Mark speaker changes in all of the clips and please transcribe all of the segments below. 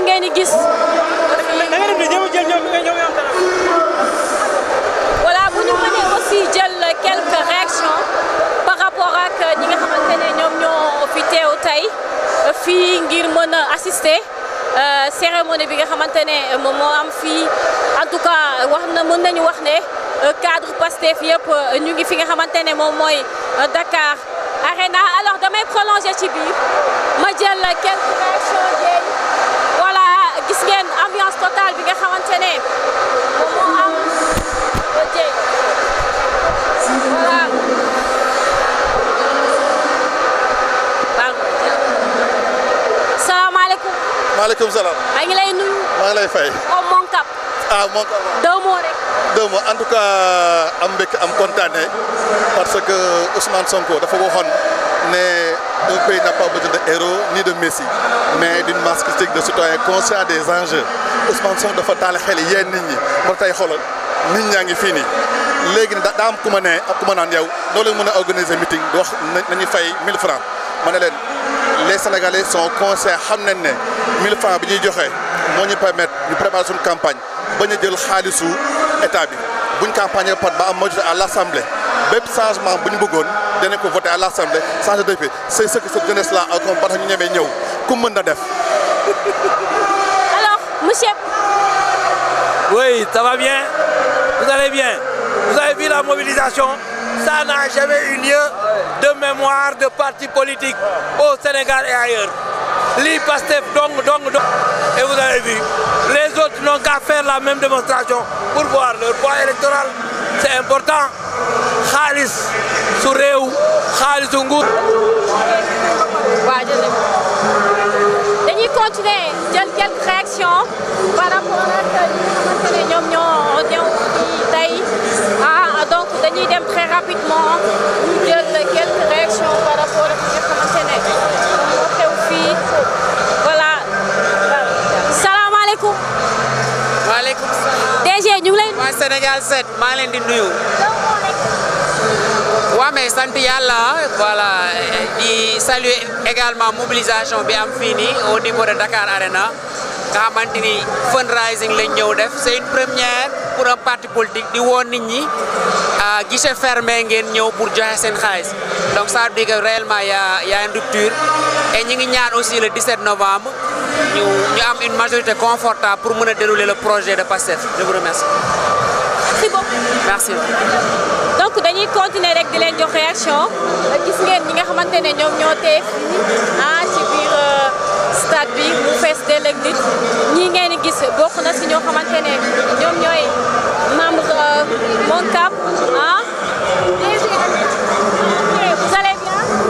Speaker 1: moom ngeen di gis. da nga dem ñëw jël ñoom ñoom ñoo am dara. voilà bu ñu mënee aussi jël quelques réactions par rapport ak ñi nga xamante ñoom ñoo fi teew tey fii ngir mën a assister. Euh, cérémonie bi nga xamante ne moom am fii en tout cas wax nañu wax ne euh, cadre Pastef yëpp euh, ñu ngi fi nga xamante ne moom mooy Dakar Arena alors damay prolonger ci biir ma jël quelques totale bi nga salaam.
Speaker 2: maa
Speaker 1: ngi lay nuyu. maa ngi oh, ah, rek.
Speaker 2: deux mots am mbégte am kontaane parce que Ousmane Sonko dafa waxoon ne. un pays de héros ni de Messi mais d'une masse critique de citoyens conscients des enjeux Ousmane Sonko dafa taal xel yéen nit ñi moo tey xoolal nit ñaa ngi fii léegi ne daa am ku ma nee ak ku ma naan yow doo leen mën a organiser meeting di wax nañu fay 1000 francs ma ne leen les sénégalais sont conscients xam nañ ne 1000 francs bi ñuy joxe moo ñu permettre ñu préparer campagne ba a jël xaalisu état bi buñ campagne par ba am majorité à l'assemblée bépp changement bu ñu bëggoon danañ ko voté à l' assemblée changé de pays c' est ce que cette jeunesse là comme ba tax ñu na def.
Speaker 1: alors monsieur.
Speaker 2: oui ça va bien vous allez bien vous avez vu la mobilisation ça n'a jamais eu lieu de mémoire de parti politique au Sénégal et ailleurs lii Pastef dong dong et vous avez vu. n'ont qu'à faire la même démonstration pour voir leur poids électoral c'est important xaalis su réew xaalisu nguur.
Speaker 1: waaw jërëjëf dañuy continuer jël quelques réactions par rapport ak ñi nga xamante ne ñoom ñoo ñëw fii tey ah donc dañuy dem très rapidement. waaleykum salaam.
Speaker 2: Sénégal 7 maa leen di nuyu. waaw mais sant yàlla voilà di saluer également mobilisation bi am fii nii au niveau Dakar Arena nga xamante ni fundraising lañ ñëw def c'est une première pour un parti politique di woon nit ñi guichet ngeen ñëw pour joxe seen xaalis donc sa veut dire ya réellement y a y a une et ñi ñaan aussi le 17 novembre. ñu ñu am une majorité confortable pour mën a dérouler le projet de PASTEF je vous remercie.
Speaker 1: donc dañuy continuer rek di leen jox réaction gis ngeen ñi nga xamante ne ñoom ñoo tee ah ci biir euh, stade bi mu fees dell ak ngeen di gis bokk na si ñoo xamante ne ñoom ñooy membre euh, MONCAP ah.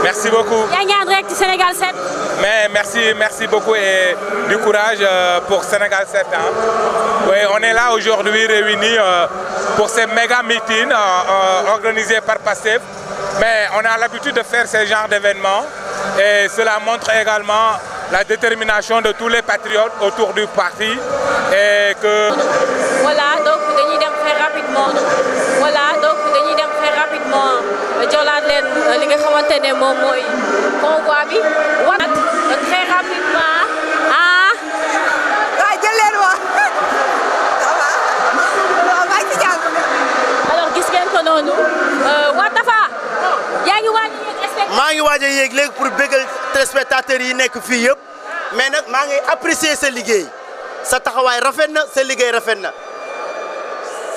Speaker 1: merci beaucoup. Sénégal 7
Speaker 2: Mais merci, merci beaucoup et du courage euh, pour Sénégal 7. Hein. Oui, on est là aujourd'hui réunis euh, pour ces méga meetings euh, organisés par PASSEF. Mais on a l'habitude de faire ce genre d'événements et cela montre également la détermination de tous les patriotes autour du parti et que...
Speaker 1: Voilà, donc dañuy dem très rapidement voilà donc dañuy dem très rapidement jolaat leen li nga convoi bi wa ah? ah, maa euh, ngi waa a yéeg
Speaker 2: spectateur. maa ngi waaj yéeg léegi pour bégal téléspectateurs yi nekk fii yëpp mais nag maa ngi apprécier sa liggéey sa taxawaay rafet na se liggéey rafet na.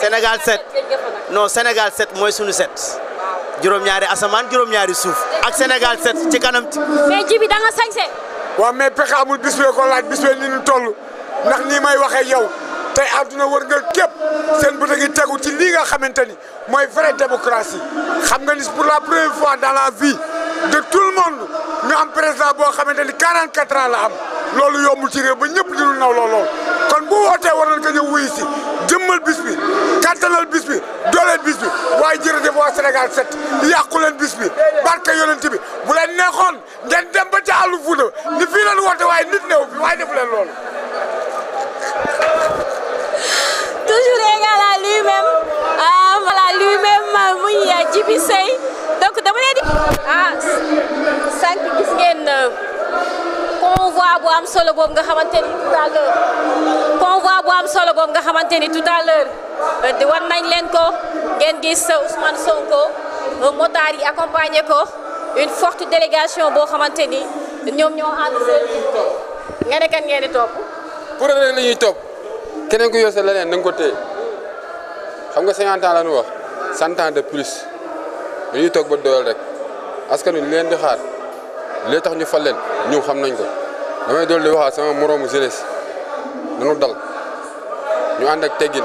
Speaker 2: Sénégal set non Sénégal 7 mooy sunu 7. juróom-ñaari asamaan juróom-ñaari suuf ak Sénégal set ci kanam. mais
Speaker 1: ji bi da nga sañse.
Speaker 2: waaw mais pexe amul ko laaj bis bee ni ñu toll ndax nii may waxee yow te àdduna wër nga képp seen bët a ngi tegu ci lii nga xamante ni mooy vraie démocratie xam nga ni pour la première fois dans la vie de tout le monde ñu am président boo xamante ni 44 ans la am loolu yombul ci réew ba ñëpp di lu naw lool kon bu wootee war nañ ko wuyu si. jëmmal bis bi kattanal bis bi dooleel bis bi waaye jërëjëf waa Sénégal set yàqu leen bis bi barke yonent bi bu leen neexoon ngeen dem ba ca àllu Fuuta ni fii leen waaye nit néew bi waaye defu leen loolu toujours égal à
Speaker 1: lui-même ah voilà lui-même muy Djiby Seye am solo boobu xamante ni tout à l'heure convoi bu leen ko ngeen gis Ousmane Sonko motard yi accompagné ko une forte
Speaker 2: pour leneen la ñuy topp keneen ku yose leneen na nga ko téye xam nga 50 ans la wax 100 de plus ñuy toog ba doyal rek que wi leen di xaar. li tax ñu fal leen ñëw xam nañ ko damay dool di waxaat sama moroomu jeunesse dañu dal ñu ànd ak teggin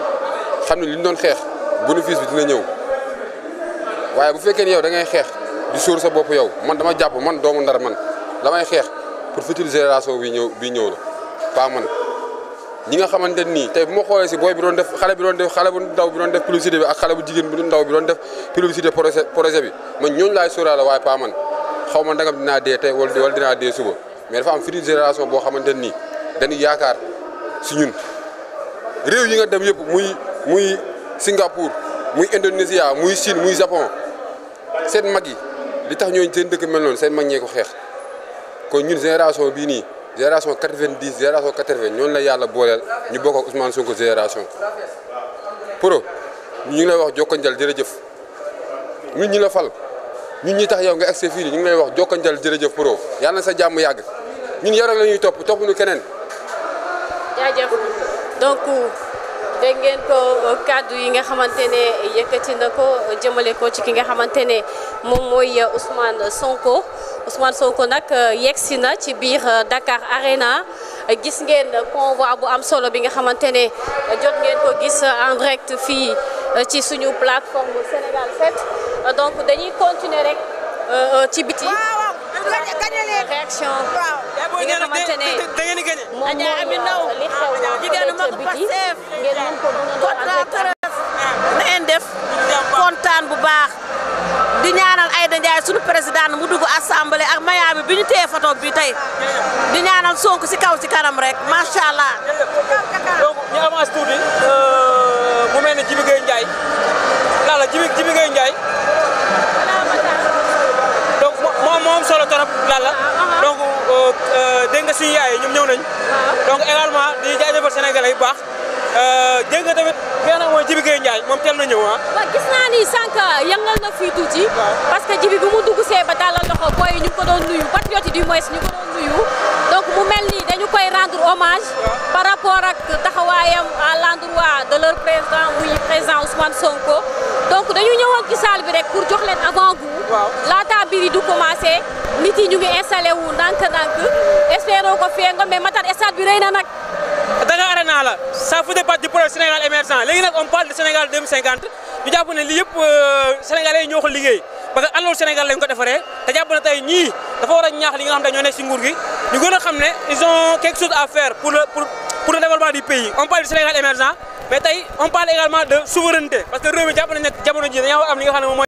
Speaker 2: xam ne li ñu doon xeex bénéfice bi dina ñëw waaye bu fekkee ne yow da ngay xeex di sóor sa bopp yow man dama jàpp man doomu ndar man damay xeex pour future génération bi ñëw bi ñëw la pas man ñi nga xamante nii tey bu ma xoolee si booy bi doon def xale bi doon def xale bu bi doon def publicité bi xale bu jigéen bu ndaw bi doon def publicité projet projet bi man ñooñu laay sóoraale waaye pas man xaw ma ndagam dinaa dee tey wala wala dinaa dee suba mais dafa am future génération boo xamante nii dañuy yaakaar si ñun réew yi nga dem yëpp muy muy Singapour muy Indonésia muy Chine muy Japon seen mag yi li tax ñooñu seen dëkk mel noonu seen mag ñee ko xeex kon ñun génération bii nii génération 90 génération 80 ñooñu la yàlla booleel ñu bokk ak Ousmane Sonko génération pour ñu ngi lay wax jokkanjal jërëjëf ñun ñu la fal ñun ñu tax yow nga egg fii nii ñu ngi lay wax jokkanjal jërëjëf pro yàlla sa jàmm yàgg. ñun yow rek la ñuy topp toppuñu keneen.
Speaker 1: donc dégg ngeen ko kàddu yi nga xamante ne yëkkati na ko jëmale ko ci ki nga xamante ne moom mooy Ousmane Sonko Ousmane Sonko nag yegsi na ci biir Dakar Arena gis ngeen convoi bu am solo bi nga xamante ne jot ngeen ko gis en fii ci suñu plateforme dañuy continuer rek euh, euh, ci biti. gañe leen élection waaw nga xamante ne moom mooy li ah. na ngeen def kontaan bu baax di ñaanal Aïda Ndiaye sunu président mu dugg assemblée ak Miami bi ñu téye photo bi tey di ñaanal Sonko si kaw ci kanam
Speaker 2: rek macha allah. baax euh, dégg nga fee nag mooy Jibi Gueye Ndiaye moom teel na ñëw ah.
Speaker 1: gis naa ni sànq yëngal na fii tuuti. parce que Jibi bu mu dugg see ba tàllal loxo booy ñu ngi ko doon nuyu patriote du moins ñu ko doon nuyu. donc mu mel ni dañu koy rendre hommage. par rapport ak taxawaayam à l'endroit de leur président muy président Ousmane Sonko. donc dañu ñëwoon ci salle bi rek pour jox avant-goût. laata biir du commencé. nit ñu ngi installé wu ndànk-ndànk espérons ko fee nga mais matar
Speaker 2: Dakar Arena la ça faisait partie du projet Sénégal émergent léegi nag on de Sénégal 2050 ñu jàpp ne lii yëpp euh, sénégalais yi ñoo liggéey parce que alalu Sénégal lañ ko defaree te jàpp na tey ñii dafa war a ñaax li nga xam ne ñoo nekk gi ñu gën a xam ne ils ont quelque chose à pour le développement du pays on parle Sénégal émergent mais tey on également de
Speaker 1: souveraineté parce que réew mi jàpp nañ ne jamono ji dañoo